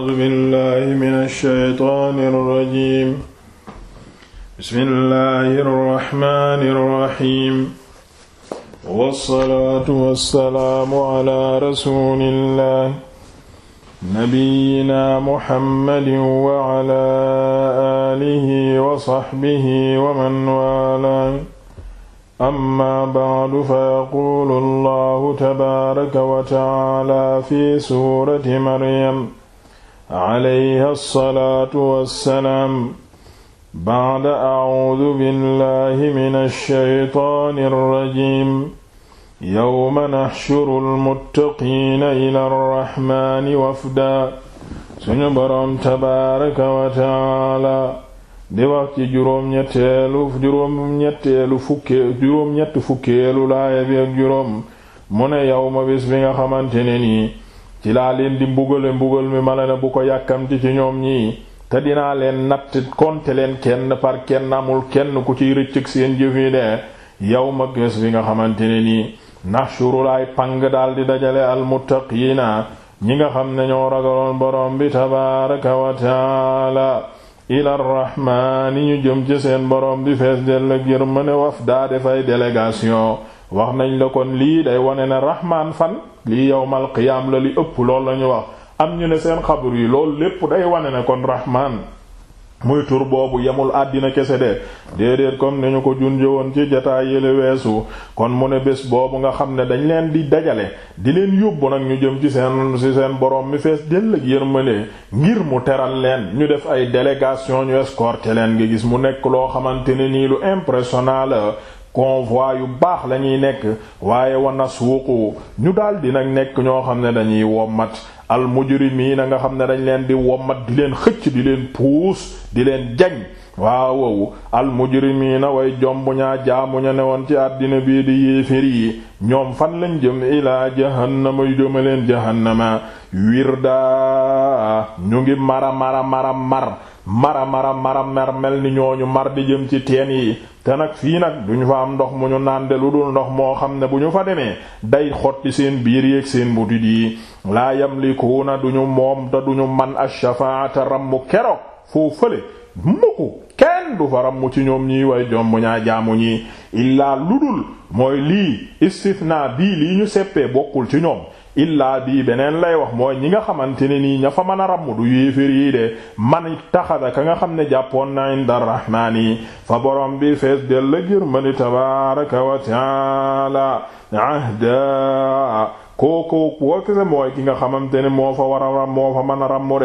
A'uuzu billaahi mina shaytaani rajiim bismillaahi rahmaani rahiim wassalaatu wassalaamu alaa rasuulillaahi nabiyyinaa Muhammadin wa alaa aalihi wa sahbihi wa man waalaahu amma ba'du fa yaquulu Allaahu tabaaraka wa ta'aalaa fi suurati Maryam alayhi alsalatu wassalaam bacda acuudu billahi min alsheytaani alrajim yowma naxshuru almuttaqiina ila arraxmaani wafda suñu boroom tabaaraka wa taala di wax ci juróom-ñetteelu juróom-ñetteelu fukkee juróom-ñett fukkeelu laaya bi ak juróom mu ne yowma bis bi nga xamante ne nii ci laa leen di mbugale mbugal mi ma na bu ko yàkkamti ci ñoom ñii te dinaa leen natt konte leen kenn par kenn amul kenn ku ciy rëccëg seen jëf yi de yow ma gës bi nga xamante ne nii nahshuru laay pang daal di dajale almuttaqiina ñi nga xam ne ñoo ragaloon boroom bi tabaaraka wa taala ila rahmaani ñu jëm ci seen borom bi fees dell gër më ne waf daa dafay délégation wax nañ la kon lii day wone ne rahmaan fan lii yawmal qiyaam la li ëpp loolu la wax am ñu ne seen xabru yi loolu lépp day wane ne kon rahmaan muy tur boobu yemul àddina kese de déedéet comme nañu ñu ko junjee woon ci jotaay yële kon mu ne bés boobu nga xam ne dañ leen di dajale di leen yóbbu nag ñu jëm ci seen ci seen borom mi fees dell ak yërmande ngir mu teral leen ñu def ay délégation ñu escorter leen nga gis mu nekk loo xamante ne nii lu impressionnant convoi yu baax lañuy nekk waaye wa nasuuqu ñu daldi nag nekk ñoo xam ne dañuy wommat al mujrimiina nga xam ne dañ leen di wommat di leen xëcc di leen puus di leen jañ waawowu almujrimiina way jombu ñaa jaamu ña ne woon ci àddina bii di yéefér yi ñoom fan lañ jëm ilaa jahannama yu jëmaleen jahannama wirdaa ñu ngi mara mara mara mar mara mara mer mel ni ñooñu mar di jëm ci teen yi te nag fii nag duñu fa am ndox mu ñu naan lu dul ndox moo xam ne bu ñu fa demee day xotti seen biir yéeg seen butit yi laa yamlikuuna duñu moom te duñu man ash-shafaata rambu keroog foo mukk kenn du faram mu ci ñoom ñii way jom mu ñaa jaamu ñii illaa ludul mooy lii istithna bii lii ñu seppee bokkul ci ñoom illaa bii beneen lay wax mooy ñi nga xamante ni nii ña fa mën a ramm du yéefér yi de man taxada ka nga xam ne jàppoon na inda rahmaan yi fa borom bi fees del la gër wa taala ahda kooku woo kese mooy ki nga xamante ne moo fa war a ram moo fa mën a ram mu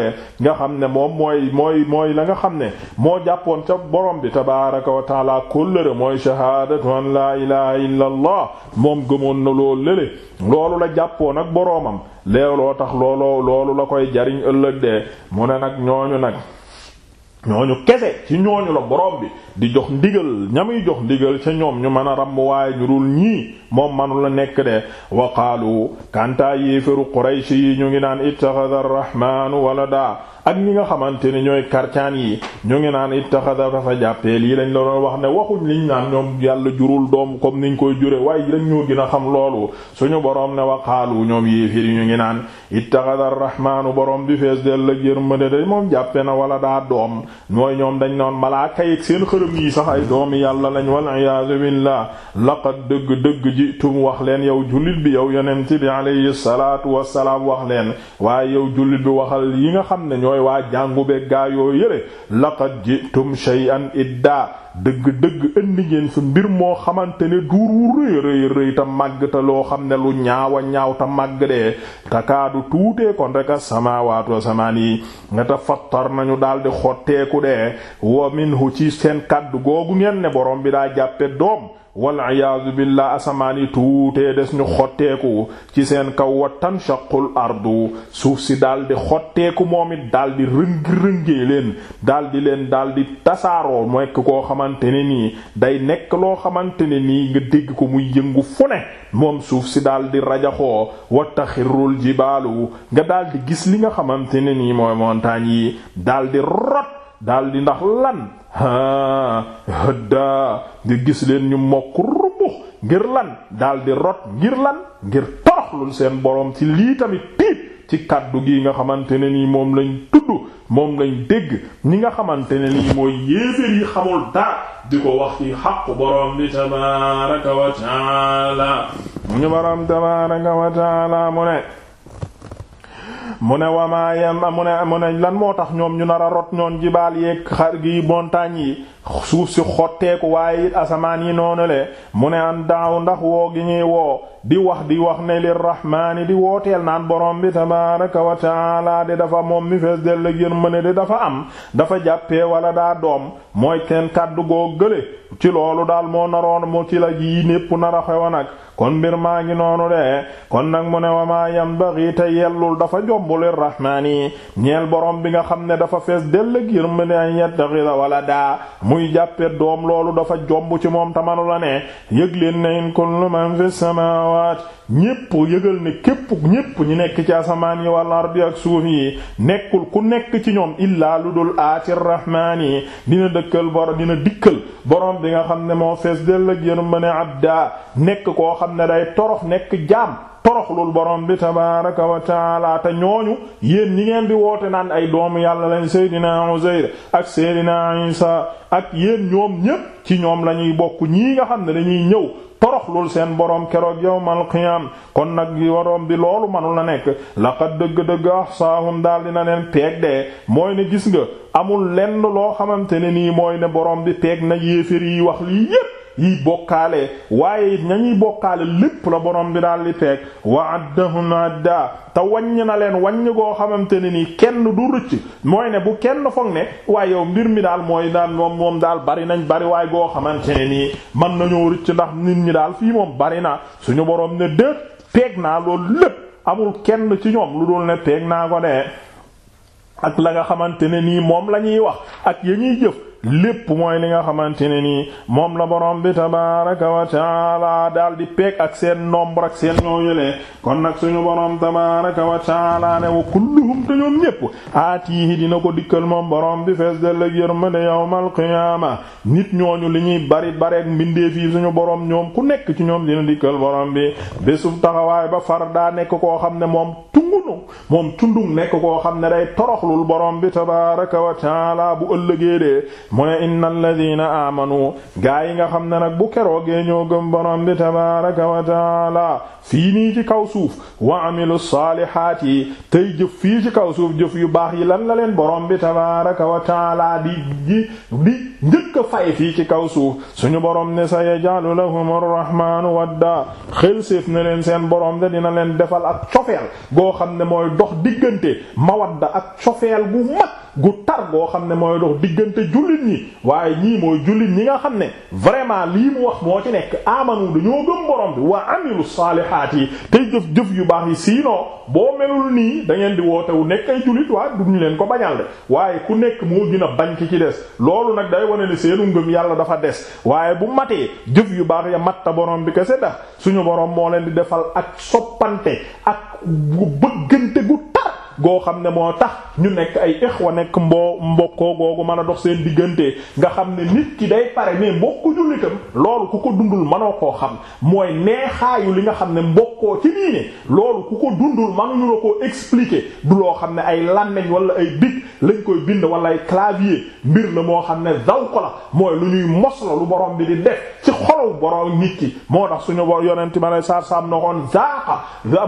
nga xam ne moom mooy mooy mooy la nga xam ne moo jàppoon ca borom bi tabaraka wa taala kóllëre mooy shahaadatu an laa ilaha illa moom gëmoon na lool lële loolu la jàppoon ak boroomam léew tax looloo loolu la koy jariñ ëllëg de mu ne nag ñooñu nag ñooñu kese ci ñooñu la borom bi di jox ndigal ñamuy jox ndigal ca ñoom ñu mën a ràmm waaye ñu dul ñii moom manu la nekk de waqaalu kantaa yéeféru qurayshi yi ñu ngi naan ittaxada arrahmanu walada ak ñi nga xamante ne ñooy karcaan yi ñu ngi naan ittaxada dafa jàppee lii lañ la doon wax ne waxuñ liñ naan ñoom yàlla jurul doom comme niñ koy jure waaye dañ ñoo gën a xam loolu ñu boroom ne waqaalu ñoom yéefir ñu ngi naan ittaxada rahmaanu boroom bi fees del la de day moom jàppe na wala daa doom mooy ñoom dañ noon malaaka yi seen xërëm yi sax ay doom yàlla lañ wal iyaazu billah laqad dëgg dëgg ji tum wax leen yow jullit bi yow yonent bi alayhi salaatu wassalaam wax leen mooy waa jàngu beeg gaa yoo yële laqad jitum dëgg-dëgg indi ngeen fi mbir moo xamante ne duur wu rëy rëy te màgg te loo xam ne lu ñaawa ñaaw te màgg de takaadu tuutee kon rek a samaawaatu asamaan yi nga te fattar nañu daldi xotteeku de wa minhu ci seen kàddu googu ngeen ne borom bi daa jàppe doom waliyasu billah asamaan yi tuutee des ñu xotteeku ci seen kaw wa tanshaqul ardu suuf si daal di xotteeku moom it daal di rëngee leen daal leen daal tasaaroo mooy koo xamante xamante ne nii day nekk loo xamante ne nii dégg ko muy yëngu fu moom suuf si daal di rajaxoo wattaxirul jibaalu nga daal di gis li nga xamante ne nii mooy montagne yi daal di rot di ndax lan gis leen ñu mokk ngir lan daal rot ngir lan ngir toroxlul seen boroom ci lii tamit tiit ci kaddu gi nga xamante ne nii moom lañ tudd moom lañ dégg ñi nga xamante ne lii mooy yéeféer yi xamul dara di ko wax ci tabaraka wa taala ñu tabaraka wa taala mu ne wamaa yem mu ne mu ne lan moo tax ñoom ñu nar a rot ñoon jibaal yeeg xar gi montagne yi suuf si xotteeku waaye asamaan yi noonu le mu ne an daaw ndax woo gi ñuy woo di wax di wax ne li rahmaani di wooteel naan borom bi tabaaraka wa taala de dafa moom mi fees dell gën mëne de dafa am dafa jàppee wala daa doom mooy kenn kàddu goo gële ci loolu daal moo naroon mu ci la ji népp nar a xewa nag kon mbir maa ngi noonu de kon nag mu ne wa maa yambaghi te yellul dafa jombuli rahmaani ñeel borom bi nga xam ne dafa fees dell ak yërmande an yattakhidha daa muy jàppe doom loolu dafa jomb ci moom tamanu la ne yëg leen ne in kullu man fi samawat ñépp yëgal ne képp ñépp ñi nekk ci asamaan yi wal ardi ak suuf yi nekkul ku nekk ci ñoom illaa lu dëkkal bor dina dikkal boroom bi nga xam ne moo fees dell ak yërmande abda nekk koo xam ne day torox nekk jaam toroxlul borom bi tabaaraka wa taala ñooñu yéen ñi ngeen di woote naan ay doomu yàlla lañ Seydina Uzayr ak Seydina Isa ak yéen ñoom ñépp ci ñoom lañuy bokk ñii nga xam ne dañuy ñëw toroxlul seen boroom keroog yawmal qiyaam kon nag waroom bi loolu manul na nekk laqad dëgg-dëgg ahsaahum daal na leen peeg de mooy ne gis nga amul lenn loo xamante ne nii mooy ne borom bi peeg na yéefér yi wax lii yépp yi bokkaale waaye it ñañuy bokkaale lépp la borom bi daal di teg wa addahum adda te wàññ na leen wàññ koo xamante ne nii kenn du rëcc mooy ne bu kenn foog ne waaye yow mbir mi daal mooy daal moom moom daal bari nañ bari waaye goo xamante ne nii man nañoo rëcc ndax nit ñi daal fii moom bari na suñu borom ne déet peeg naa loolu lépp amul kenn ci ñoom lu dul ne peeg naa ko de ak la nga xamante ne nii moom lañuy wax ak ya ñuy jëf lépp mooy li nga xamante ne nii moom la boroom bi tabaraka wa taala daal di peeg ak seen nombre ak seen ñoo yëlee kon nag suñu borom tabaraka wa taala ne wa kulluhum te ñoom ñépp aatiihi dina ko dikkal moom borom bi fees dellëg yërmande yawmal qiyaama nit ñooñu li ñuy bari bareek mbindeef yi suñu borom ñoom ku nekk ci ñoom dina dikkal borom bi bésu taxawaay ba far daa nekk koo xam ne moom tungut moom tundung nekk koo xam ne day toroxlul borom bi tabaraka wa taala bu ëllëgee de mu ne innal ladina amanu gaa yi nga xam ne nag bu keroogee ñoo gëm borom bi tabaraka wa taala fii nii ci kaw suuf wa amilu saalihaat yi tey jëf fii ci kaw suuf jëf yu baax yi lan la leen borom bi tabaraka wa taala bi di di njëkk fay fii ci kaw suuf suñu borom ne sa yajalu lahum arrahmanu wadda xel séef na leen seen borom de dina leen defal ak cofeel goo xam ne mooy dox diggante mawadda ak cofeel bu mag gu tar goo xam ne mooy dox diggante jullit ñi waaye ñii mooy jullit ñi nga xam ne vraiment lii mu wax moo ci nekk amanu dañoo gëm borom bi wa amilu saalihaat yi tey jëf jëf yu baax yi sinon boo melul nii da ngeen di wootewu nekk ay jullit waa duñu leen ko bañal de waaye ku nekk moo gën a bañ ki ci des loolu nag day wane ne seenu ngëm yàlla dafa des waaye bu matee jëf yu baax ya matta borom bi kese dax suñu borom moo leen di defal ak soppante ak bëggante gu goo xam ne moo tax ñu nekk ay ixwa nekk mbo mbokkoo googu mën a dox seen diggante nga xam ne nit ki day pare mais mbokku jullitam loolu ku ko dundul mënoo koo xam mooy neexaayu li nga xam ne mbokkoo ci loolu ku ko dundul mënuñu la koo expliquer du loo xam ne ay làmmeñ wala ay big lañ koy bind wala ay clavier mbir na moo xam ne daw ko la mooy lu ñuy mos la lu borom bi di def ci xolow borom nit ki moo tax suñu yonent ma lay sar sam na koon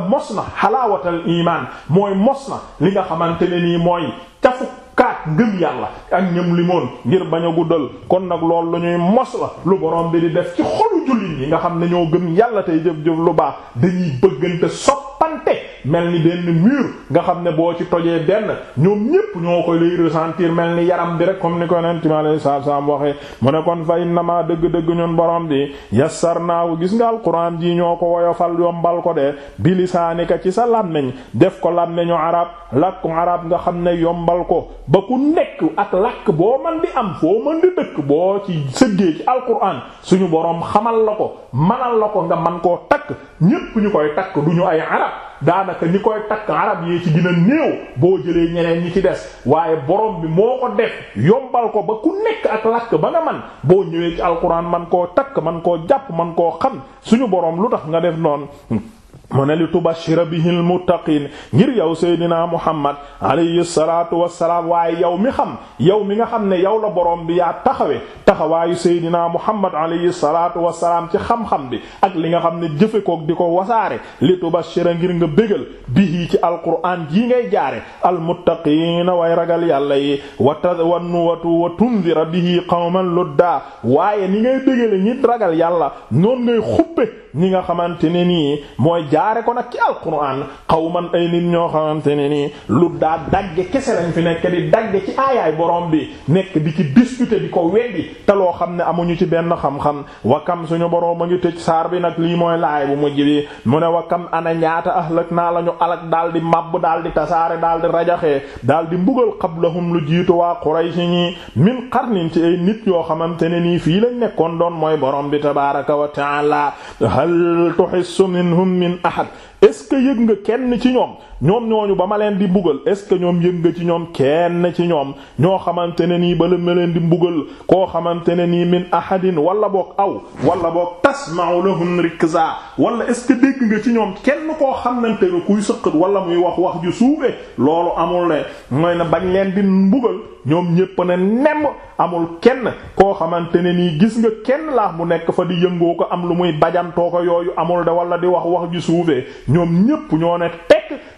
mos na xalaawatal iman mooy mos na na li nga xamante ne nii mooy cafu kaat ngëm yàlla ak ñëm limoon ngir bañ a guddal kon nag lool lu ñuy mos la lu borom bi di def ci xolu jullit yi nga xam ne ñoo gën yàlla tey jëf-jëf lu baax dañuy bëggante soppante mel ni benn mur nga xam ne boo ci tojee benn ñoom ñépp ñoo koy lay ressentir mel ni yaram bi rek comme ni ko yonent mi alayhi salaam waxee mu ne kon fa innama dëgg-dëgg ñun borom bi yassarnaahu gis nga alquran ji ñoo ko woyofal yombal ko de bilisaanika ci sa làmmiñ def ko làmmiñu arab làkku arab nga xam ne yombal ko ba ku nekk ak làkk boo man di am foo man di dëkk boo ci sëggee ci alquran suñu borom xamal la ko manal la ko nga man koo takk ñépp ñu koy duñu ay daanaka ni koy takk arab yee ci gën néew boo jëlee ñeneen ñi ci des waaye borom bi moo ko def yombal ko ba ku nekk ak lakk ba nga man boo ñëwee ci alquran man koo takk man koo jàpp man koo xam suñu borom lu tax nga def noonu mu ne li tubashira bihil muttaqin ngir yow seydinaa muhammad alayhi salaatu wassalaam waaye yow mi xam yow mi nga xam ne yow la borom bi yaa taxawe taxawaayu seydinaa muhammad alayhi salaatu wa wassalaam ci xam-xam bi ak li nga xam ne jëfe kook di ko wasaare li tubashira ngir nga bégal bihi ci alquraan ji ngay jaare almuttaqiina way ragal yàlla yi wata wannuwatu wa tunzira bihi qawman ludda waaye ni ngay bégale ñi ragal yàlla noon ngay xuppe ñi nga xamante ne nii mooy jaare ko nag ci alquran qawman ay nit ñoo xamante ne nii lu daa dagge kese lañ fi nekk di dagge ci aayaay borom bi nekk bi ci discuter di ko weddi te loo xam ne amuñu ci benn xam-xam kam suñu borom a ngi tëj saar bi nag lii mooy laay bu mujj bi mu ne wakam ana ñaata ahlak naa la ñu alak daal di màbb daal di tasaare dal di rajaxee daal di mbugal qablahum lu jiitu waa Quraysh ñi min qarnin ci ay nit yoo xamante ne nii fii lañ nekkoon doon mooy borom bi tabaaraka wa ta'ala hal tuhissu minhum ahad est-ce que yëg nga kenn ci ñoom ñoom ñooñu ba ma leen di mbugal est-ce que ñoom yëg nga ci ñoom kenn ci ñoom ñoo xamante ne nii bala ma leen di mbugal koo xamante ne nii min ahadin wala boog aw wala boog tasma'u lahum rikza wala est-ce que dégg ci ñoom kenn koo xamante ne kuy sëqat wala muy wax wax ju suube loolu mooy na bañ leen di mbugal ñoom ñépp ne nem amul kenn koo xamante ne nii gis nga kenn laax mu nekk fa di yëngoo ko am lu muy bajantoo ko yooyu amul de wala di wax wax ju suube ñoom ñépp ñoo ne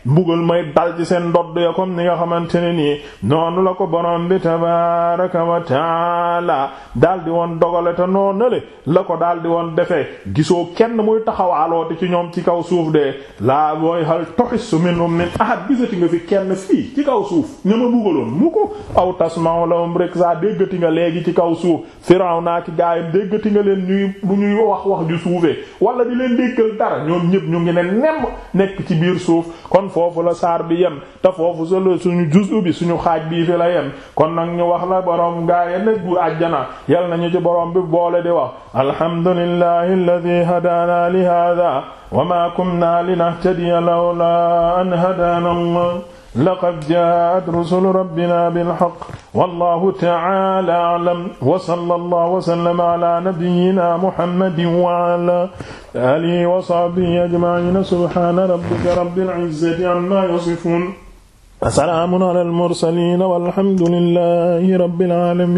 mbugal may dal ci seen ndodd ya comme ni nga xamante ne nii noonu la ko borom bi tabaraka wa taala daal di woon dogale te noonale la ko daal di woon defee gisoo kenn muy taxawaaloote ci ñoom ci kaw suuf de laa mooy hal toxissu minhum min ahad gisati nga fi kenn fii ci kaw suuf ña ma bugaloon mu ko aw tasmao lawum rek saa déggati nga léegi ci kaw suuf firaw naa ki gaayam déggati nga leen ñuy bu ñuy wax wax ju suufee wala di leen déggal dara ñoom ñëpp ñu ngi ne nemm nekk ci biir suuf kon foofu la saar bi yem te foofu solo suñu juzu bi suñu xaaj bii fi la yem kon nag ñu wax la borom gaa yi nag bu àjjana yal nañu ci borom bi boole di wax alhamdulillahi alladhi hadana li hadha wa ma kunna linahtadiya lawla an hadana allah laqad jaa'at rusulu rabbina bilhaqq wallahu ta'ala a'lam wa sallallahu wa sallama ala nabiyyina muhammadin wa ala alihi wa sahbihi ajma'in subhana rabbika rabbil izzati amma yasifun wa salaamun ala al mursalin walhamdulillahi rabbil alamin